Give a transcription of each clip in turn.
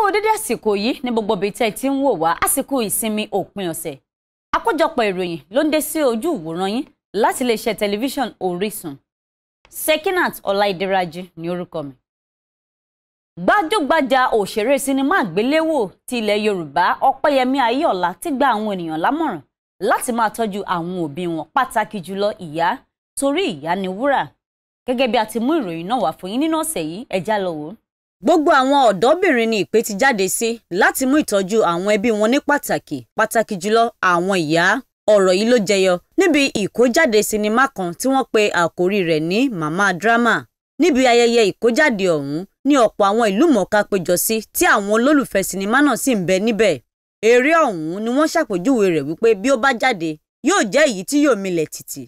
kú dédé àsìkò yìí ní gbogbo ibi tẹ́ ẹ ti ń wò wá àsìkò ìsinmi òpin ọ̀sẹ̀ àkójọpọ̀ ìròyìn ló ń dé sí ojú ìwòran yín láti iléeṣẹ́ tẹlifíṣàn Orísun Sekinat Ọláìdíraji ní orúkọ mi gbajúgbajà òṣèré sinimá àgbéléwò ti ilẹ̀ Yorùbá Ọpẹ́yẹmí Ayéọlá ti gba àwọn ènìyàn lámọ̀ràn láti máa tọ́jú àwọn òbí wọn pàtàkì jùlọ ìyá torí ìyá ni wúrà gẹ́gẹ́ bí a ti mú ìròyìn náà wá fún yín nínú ọ̀sẹ̀ yìí ẹ já lọ wò ó. Gbogbo àwọn ọ̀dọ́bìnrin ni ìpè ti jáde sí láti mú ìtọ́jú àwọn ẹbí wọn ní pàtàkì pàtàkì jùlọ àwọn ìyá. Ọ̀rọ̀ yìí ló jẹyọ níbi ìkójáde sinimá kan tí wọ́n pe àkórí rẹ̀ ní Mama Drama. Níbi ayẹyẹ ìkójáde ọ̀hún ni ọ̀pọ̀ àwọn ìlúmọ̀ọ́ká péjọ sí tí àwọn olólùfẹ́ sinimá náà sì ń bẹ níbẹ̀. Eré ọ̀hún ni wọ́n ṣàpèjúwe rẹ̀ wípé bí ó bá jáde yóò jẹ́ èyí tí yóò milẹ̀ tìtì.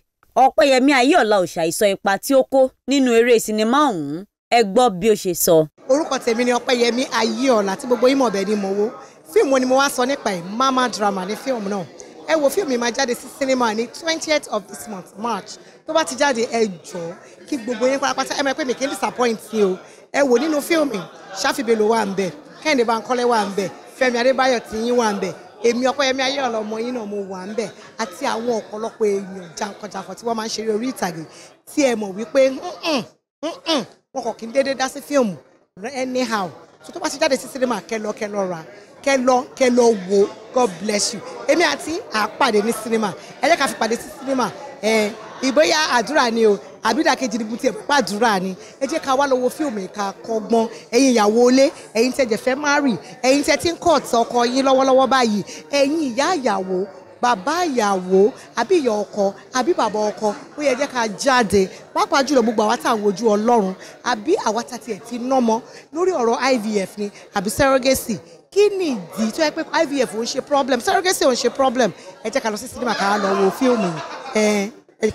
Ọpẹ́yẹmí Ayéọlá ò ṣàìsọ ipa tí ó kó nínú eré sinimá ọ̀hún ẹ gbọ́ bí ó ṣe sọ. orúkọ tèmi ni ọpẹ́yẹmí ayéọlá tí gbogbo ìmọ̀ ọ̀bẹ ni mo wo fíìmù ni mo wá sọ nípa ẹ̀ mama drama ni fíìmù náà ẹ wo fíìmù máa jáde sí sinimá ní twentieth of this month march tó bá ti jáde ẹ jọ kí gbogbo yín pátápátá ẹ máa pè mí kí n disappoint yín o ẹ wò nínú fíìmù ṣàfibèlò wà ń bẹ kẹ́hìndé bankole wà ń bẹ fẹ́mi adébáyọ̀ tìyín wà ń bẹ èmi ọpẹ́yẹmí ayéọlá ọmọ yín náà mo wà ń bẹ àti àwọn ọ̀pọ̀lọpọ̀ èèyàn jankan tí wọ́n máa ń ṣeré orí ìtàgé tí ẹ mọ̀ wípé wọn kàn kí n déédéé dá sí fíìmù anyhow so tó bá ti jáde sí sinimá kẹlọ kẹlọ ra kẹlọ kẹlọ wo god bless you èmi àti àpàdé ní sinimá ẹ jẹ́ ká fi pàdé sí sinimá ẹ ìbóyá àdúrà ni o àbídàkejì ni bùtì ẹ̀pá ni ẹ ká wá lọ wo fíìmù ìka kọ́gbọ́n ẹ̀yin ìyàwó ilé ẹ̀yin tẹ̀jẹ̀ fẹ́ márì ẹ̀yin tẹ̀ tí ń kọ̀ ọ̀tọ̀ ọkọ yín lọ́wọ́lọ́wọ́ báyìí ẹ̀yin ìyá ìyàwó bàbá ìyàwó àbí ìyá ọkọ àbí bàbá ọkọ ó yẹ jẹ́ ká jáde pàápàá jùlọ gbogbo àwa tá à ń wojú ọlọ́run àbí àwa tá tiẹ̀ ti nọ́mọ lórí ọ̀rọ̀ IVF ni àbí surrogacy kí ni ìdí tó yẹ pé IVF ò ń ṣe problem surrogacy ò ń ṣe problem ẹ jẹ́ ká lọ sí sinimá ká lọ wo fíìmù ẹ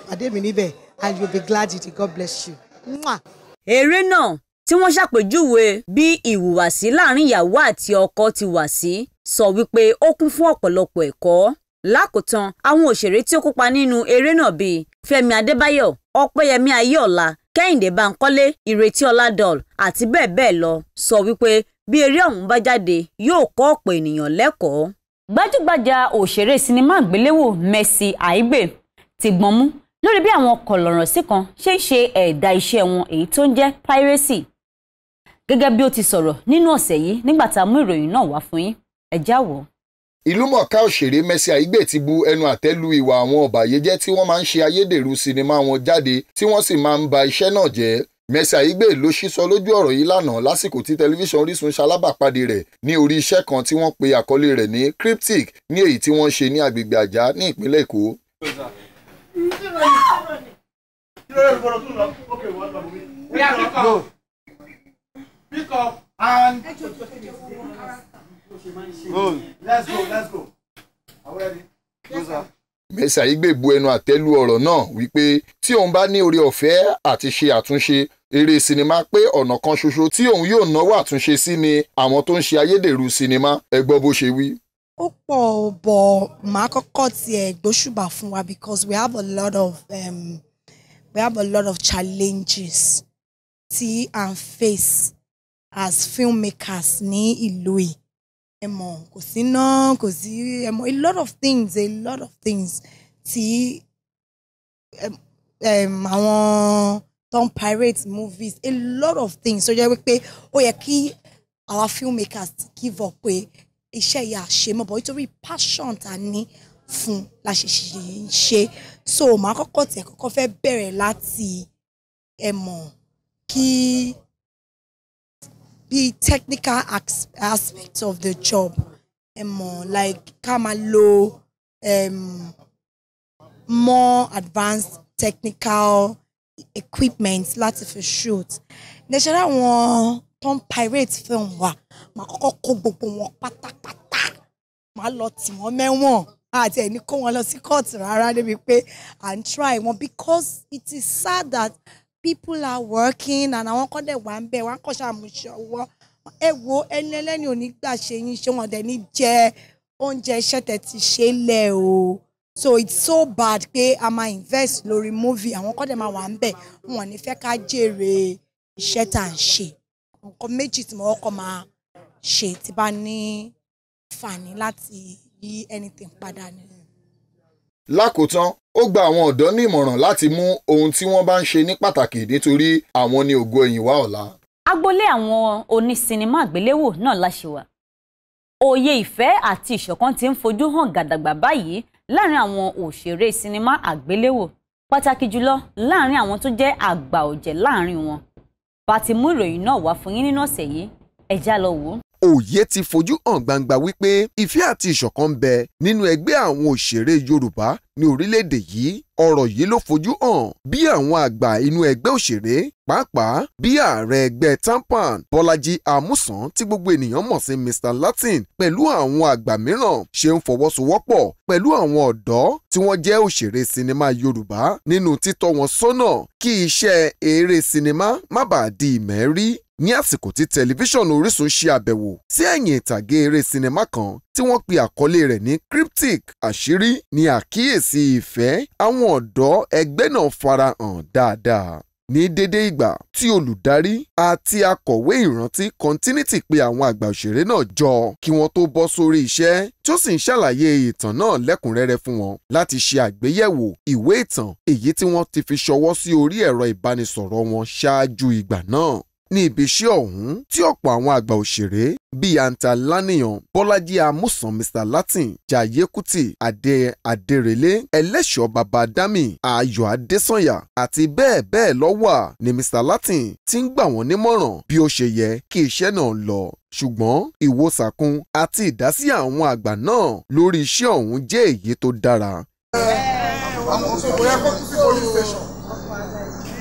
pàdé mi níbẹ̀ and you be glad you did God bless you. Mwah. eré náà tí wọ́n ṣàpèjúwe bí ìhùwàsí láàrin ìyàwó àti ọkọ ti wà sí sọ wípé ó kún fún ọ̀pọ̀lọpọ̀ ẹ̀kọ́ lákòótán àwọn òṣèré tí ó kópa nínú eré náà bíi Fẹ́mi Adébáyọ̀ Ọpẹ́yẹmí Ayéọlá Kẹ́hìndé Bánkọ́lé Ìrètí Ọládọ̀l àti bẹ́ẹ̀ bẹ́ẹ̀ lọ sọ wípé bí eré ọ̀hún bá jáde yóò kọ́ ọ̀pọ̀ ènìyàn lẹ́kọ̀ọ́. gbajúgbajà òṣèré sinimá àgbéléwò Mercy Aigbe ti gbọ̀nmú lórí bí àwọn kọ̀lọ̀rọ̀ sí kan ṣe ń ṣe ẹ̀dà iṣẹ́ wọn èyí tó ń jẹ́ piracy gẹ́gẹ́ bí ó ti sọ̀rọ̀ nínú ọ̀sẹ̀ yìí nígbà tá a mú ìròyìn náà wá fún yín ẹ jáwọ́ ìlúmọ̀ọ́ká òṣèré Mercy Aigbe ti bu ẹnu àtẹ́ lu ìwà àwọn ọ̀bàyéjẹ́ tí wọ́n máa ń ṣe ayédèrú sinimá wọn jáde tí wọ́n sì máa ń ba iṣẹ́ náà jẹ́ Mercy Aigbe ló sísọ lójú ọ̀rọ̀ yìí lánàá lásìkò tí tẹlifíṣàn Orísun ṣalábàpàdé rẹ̀ ní orí iṣẹ́ kan tí wọ́n pe àkọlé rẹ̀ ní cryptic ní èyí tí wọ́n ṣe ní agbègbè àjá ní ìpínlẹ̀ Èkó. and goal. let's go let's go. are we ready. gbègbó ẹnu àtẹ́lù ọ̀rọ̀ náà wípé tí òun bá ní oore ọ̀fẹ́ àti ṣe àtúnṣe eré sinimá pé ọ̀nà kan ṣoṣo tí òun yóò náwó àtúnṣe sí ni àwọn tó ń ṣe ayédèrú sinimá ẹ bó ṣe wí. ó pọ̀ bọ̀ màá kọ́kọ́ tiẹ̀ gbóṣùbà fún wa because we have a lot of um, we have a lot of challenges tí à ń face as filmmakers ní ìlú yìí ẹ̀mọ̀ kò sí náà kò sí ẹ̀mọ̀ a lot of things a lot of things tí àwọn tó ń pirate movies a lot of things So jẹ́ wípé ó yẹ kí our filmmakers give up pé iṣẹ́ yà ṣe mọ́ bọ̀ nítorí passion ta ní fún la ṣe ṣe ń ṣe so màá kọ́kọ́ tẹ̀ kọ́kọ́ fẹ́ bẹ̀rẹ̀ láti ẹ̀mọ̀ kí. Be technical as aspect of the job ẹ mọ̀ like come máa lo um, more advanced technical equipment láti fi shoot ǹjẹ́ ṣe àwọn tó pirate film wa màá kọ́kọ́ kó gbogbo wọn pátápátá màá lọ tì wọ́n mẹ́wọ̀n àti ẹni kó wọn lọ sí kóòtù rárá débi pé à try wọn because it is sad that people are working and àwọn kan dẹ̀ wà ń bẹ̀ wà ń kọ́ ṣàmùṣe ọwọ́ ẹ wo ẹni ẹlẹ́ni ò ní gbà ṣe yín ṣé wọn dẹ̀ ní jẹ oúnjẹ iṣẹ́ tẹ̀ ti ṣe lẹ̀ o so it's so bad pé a máa invest lórí movie àwọn kan dẹ̀ máa wà ń bẹ̀ wọn ní fẹ́ ká jèrè iṣẹ́ tà ń ṣe nǹkan méjì tí mo kọ́kọ́ máa ṣe tí bá ní fàní láti yí anything padà nìyẹn lákòótán ó gba àwọn ọ̀dọ́ ní ìmọ̀ràn láti mú ohun tí wọ́n bá ń ṣe ní pàtàkì nítorí àwọn ni ògo ẹ̀yìnwá ọ̀la. agboolé àwọn onísinimá àgbéléwò náà láṣìwà òye ìfẹ́ àti ìṣọ̀kan ti ń fojú hàn gàdàgbà báyìí láàrin àwọn òṣèré sinimá àgbéléwò pàtàkì jùlọ láàrin àwọn tó jẹ́ àgbà ọ̀jẹ̀ láàrin wọn bá ti mú ìròyìn náà wá fún yín nínú ọ̀sẹ̀ yìí ẹ já lọ wò òye ti fojú hàn gbangba wípé ìfẹ́ àti ìṣọ̀kan ń bẹ nínú ẹgbẹ́ àwọn òṣèré Yorùbá ní orílẹ̀-èdè yìí ọ̀rọ̀ yìí ló fojú hàn bí àwọn àgbà inú ẹgbẹ́ òṣèré pàápàá bí ààrẹ ẹgbẹ́ tampan Bọ́lájí Amúsàn tí gbogbo ènìyàn mọ̀ sí Mr Latin pẹ̀lú àwọn àgbà mìíràn ṣe ń fọwọ́sowọ́pọ̀ pẹ̀lú àwọn ọ̀dọ́ tí wọ́n jẹ́ òṣèré sinimá Yorùbá nínú títọ́ wọn sọ́nà kí iṣẹ́ eré sinimá má bàa di ìmẹ́rí ní àsìkò tí tẹlifíṣàn Orísun ṣe àbẹ̀wò sí ẹ̀yìn ìtàgé eré sinimá kan tí wọ́n pe àkọlé rẹ̀ ní cryptic àṣírí ni àkíyèsí ìfẹ́ àwọn ọ̀dọ́ ẹgbẹ́ náà farahàn dáadáa ní dédé ìgbà tí olùdarí àti akọ̀wé ìrántí continuity pé àwọn àgbà òṣèré náà jọ kí wọ́n tó bọ́ sórí iṣẹ́ tí ó sì ń ṣàlàyé ìtàn náà lẹ́kùnrẹ́rẹ́ fún wọn láti ṣe àgbéyẹ̀wò ìwé ìtàn èyí tí wọ́n ti fi ṣọwọ́ sí orí ẹ̀rọ ìbánisọ̀rọ̀ wọn ṣáájú ìgbà náà ní ibiṣẹ́ ọ̀hún tí ọ̀pọ̀ àwọn àgbà òṣèré bíi anta laniyan bọ́lájí amúsàn mr latin jaiye kuti adé adérelé ẹlẹ́ṣọ́ baba dami ayọ̀ adésànyà àti bẹ́ẹ̀ bẹ́ẹ̀ lọ wà mr latin ti ń gbà wọ́n nímọ̀ràn bí ó ṣe yẹ kí iṣẹ́ náà lọ ṣùgbọ́n ìwòsàkun àti ìdásí àwọn àgbà náà lórí iṣẹ́ ọ̀hún jẹ́ èyí tó dára. ẹ ẹ ọmọ sọ bóyá kó sí police station.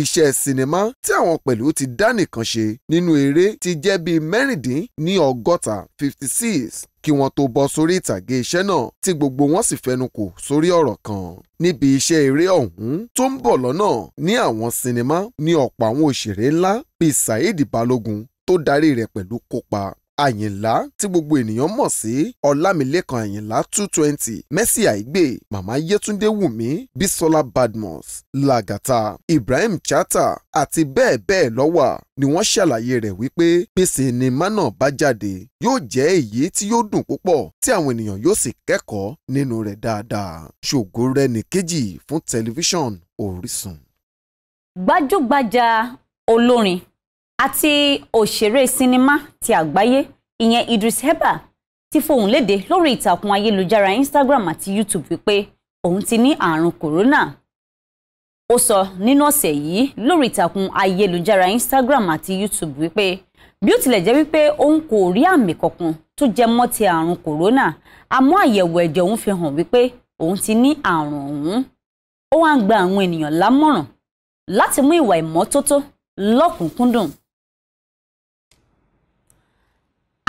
iṣẹ́ sinimá tí àwọn pẹ̀lú ti dá nìkan ṣe nínú eré ti jẹ́ bíi mẹ́rìndín ní ọgọ́ta fifty six kí wọ́n tó bọ́ sórí ìtàgé iṣẹ́ náà tí gbogbo wọn sì fẹnu kò sórí ọ̀rọ̀ kan níbi iṣẹ́ eré ọ̀hún tó ń bọ̀ lọ́nà ní àwọn sinimá ní ọ̀pọ̀ àwọn òṣèré ńlá bíi Saheed Balogun tó darí rẹ̀ pẹ̀lú kópa àyìnlá tí gbogbo ènìyàn mọ̀ sí ọlámilékan àyìnlá two twenty mercy àìgbè màmá yétúndé wùmí bísọ́lá badmus làgàtà ibrahim chata àti bẹ́ẹ̀ bẹ́ẹ̀ lọ ni wọ́n ṣàlàyé rẹ̀ wípé bí sinimá náà bá jáde yóò jẹ́ èyí tí yóò dùn púpọ̀ tí àwọn ènìyàn yóò sì kẹ́kọ̀ọ́ nínú rẹ̀ dáadáa ṣògo rẹ̀ nìkejì fún tẹlifíṣàn Orísun. gbajúgbajà olórin àti òṣèré sinimá ti àgbáyé ìyẹn Idris heba ti fohùn léde lórí ìtàkùn ayélujára Instagram àti YouTube wípé òun ti ní àrùn corona ó sọ nínú ọ̀sẹ̀ yìí lórí ìtàkùn ayélujára Instagram àti YouTube wípé bí ó tilẹ̀ jẹ́ wípé òun kò rí àmì kankan tó jẹ mọ́ ti àrùn corona àmọ́ àyẹ̀wò ẹ̀jẹ̀ òun fi hàn wípé òun ti ní àrùn ọ̀hún ó wá ń gba àwọn ènìyàn lámọ̀ràn láti mú ìwà ìmọ́tótó lọ́kùnkúndùn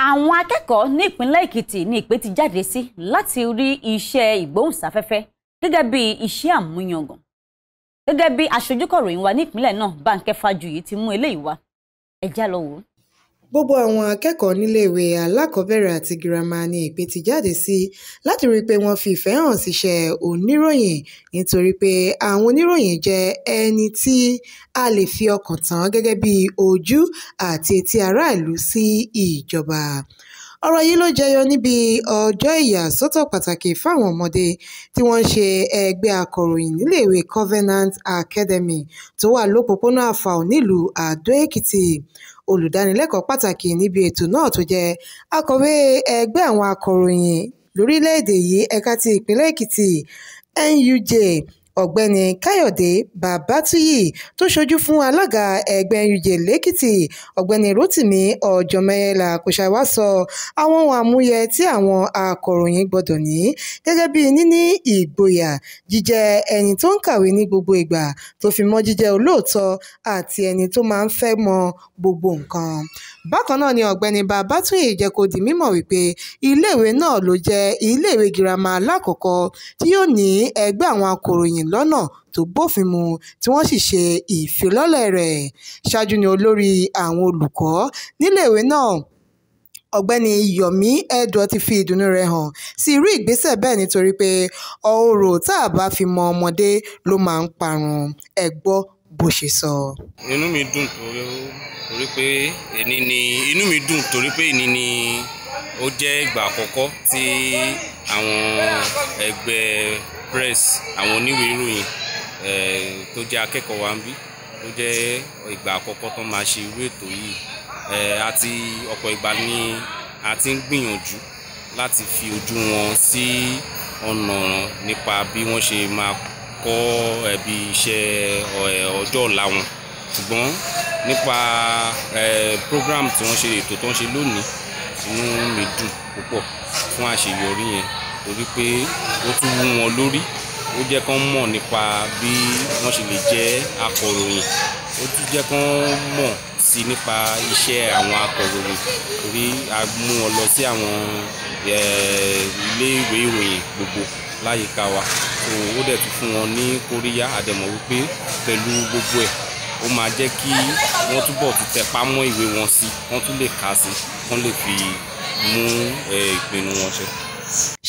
àwọn akẹ́kọ̀ọ́ ní ìpínlẹ̀ èkìtì ni ìpè ti jáde sí láti rí iṣẹ́ ìgbóhùnsáfẹ́fẹ́ gẹ́gẹ́ bí iṣẹ́ àmúyangàn gẹ́gẹ́ bí aṣojú kọ̀ròyìn wa ní ìpínlẹ̀ náà Bánkẹ́ Fájuyì ti mú eléyìí wá ẹ já lọ wò ó. Gbogbo àwọn akẹ́kọ̀ọ́ níléèwé alákọ̀ọ́bẹ̀rẹ̀ àti girama ni ìpè ti jáde sí láti ríi pé wọ́n fi ìfẹ́ hàn síṣẹ́ oníròyìn nítorí pé àwọn oníròyìn jẹ́ ẹni tí a lè fi ọkàn tán gẹ́gẹ́ bí ojú àti etí aráàlú sí ìjọba. Ọ̀rọ̀ yìí ló jẹyọ níbi ọjọ́ ìyàsọ́tọ̀ pàtàkì fáwọn ọmọdé tí wọ́n ń ṣe ẹgbẹ́ akọ̀ròyìn níléèwé Covenant Academy tó wà lópòópónà Àfàò nílùú Àdó-Èkìtì olùdánilẹ́kọ̀ọ́ pàtàkì níbi ètò náà tó jẹ́ akọ̀wé ẹgbẹ́ àwọn akọ̀ròyìn lórílẹ̀‐èdè yìí ẹ̀ka ti ìpínlẹ̀ èkìtì nuj ọ̀gbẹ́ni káyọ̀dé babátúyì tó ṣojú fún alága ẹgbẹ́ uj lèkìtì ọ̀gbẹ́ni rotimi ọ̀jọ̀mẹ́lá kòṣàwá sọ àwọn ohun àmúyẹ tí àwọn akọ̀ròyìn gbọ́dọ̀ ní gẹ́gẹ́ bíi níní ìgboyà jíjẹ́ ẹni tó ń kàwé ní gbogbo ìgbà tó fi mọ́ jíjẹ́ olóòótọ́ àti ẹni tó máa ń fẹ́ mọ gbogbo nǹkan bákan náà ni ọ̀gbẹ́ni babàtúnyì jẹ́ kó di mímọ̀ wípé iléèwé náà ló jẹ́ iléèwé girama alákọ̀ọ́kọ́ tí yóò ní ẹgbẹ́ àwọn akọ̀ròyìn lọ́nà tó bófin mu tí wọ́n sì ṣe ìfilọ́lẹ̀ rẹ̀ ṣáájú ni olórí àwọn olùkọ́ níléèwé náà ọ̀gbẹ́ni yomi edward ti fi ìdùnnú rẹ̀ hàn sí irú ìgbésẹ̀ bẹ́ẹ̀ nítorí pé ọ̀rọ̀ tá a bá fi mọ ọmọdé ló máa ń parun ẹ̀ gbọ́ bó ṣe sọ. inú mi dùn torí pé èní ni inú mi dùn torí pé èní ni ó jẹ́ ìgbà àkọ́kọ́ tí àwọn ẹgbẹ́ press àwọn oníwèé ìròyìn tó jẹ́ akẹ́kọ̀ọ́ wa ń bí tó jẹ́ ìgbà àkọ́kọ́ tó máa ṣe irú ètò yìí àti ọ̀pọ̀ ìgbà ni a ti ń gbìyànjú láti fi ojú wọn sí ọ̀nà nípa bí wọ́n ṣe máa kọ́ ẹbí iṣẹ́ ọjọ́ ọ̀la wọn ṣùgbọ́n nípa program tí wọ́n ṣe ètò tó ń ṣe lónìí inú mi dùn púpọ̀ fún àṣeyọrí yẹn torí pé ó tún wú wọn lórí ó jẹ́ kán mọ̀ nípa bí wọ́n ṣe lè jẹ́ akọ̀ròyìn ó tún jẹ́ kán mọ̀ sí nípa iṣẹ́ àwọn akọ̀ròyìn torí a mú wọn lọ sí àwọn ilé ìwé ìròyìn gbogbo láyìíká wa so ó dẹ̀ tún fún wọn ní kóríyá àdẹ̀mọ̀ wípé pẹ̀lú gbogbo ẹ̀ ó máa jẹ́ kí wọ́n túbọ̀ tún tẹpá mọ́ ìwé wọn sí wọ́n tún lè kà sí wọ́n lè fi mú ìpinnu wọn ṣe.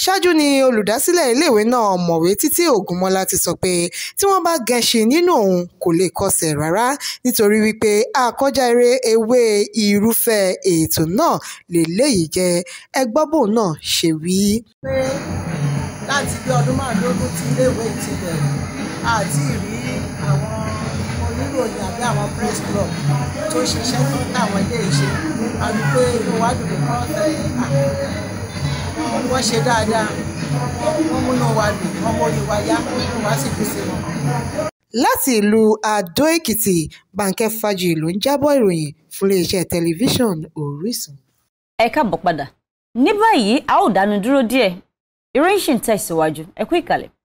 ṣáájú ni olùdásílẹ̀ iléèwé náà mọ̀wé títí ògúnmọ́lá ti sọ pé tí wọ́n bá gẹṣin nínú òun kò lè kọsẹ̀ rárá nítorí wípé àkọjá eré ewé irúfẹ́ ètò náà lè léyìí jẹ́ ẹgbọ́bùn náà ṣe wí láti bí ọdún márùndínlógún tí iléèwé ti bẹ̀rẹ̀ àti rí àwọn oníròyìn àbí àwọn press club tó ṣiṣẹ́ fún àwọn iléeṣẹ́ àti pé inú wa dùn ní kọ́ńtà wọ́n ṣe dáadáa wọ́n múnú wa dùn wọ́n mórí wa yá inú wa sì dùn sí wọn. láti ìlú Adó-Èkìtì Bánkẹ́ Fájì ló ń jábọ̀ ìròyìn fún iléeṣẹ́ tẹlifíṣàn Orísun. ẹ káàbọ̀ padà ní báyìí a ó dánu dúró díẹ̀ Irish and Thai soju, quickly.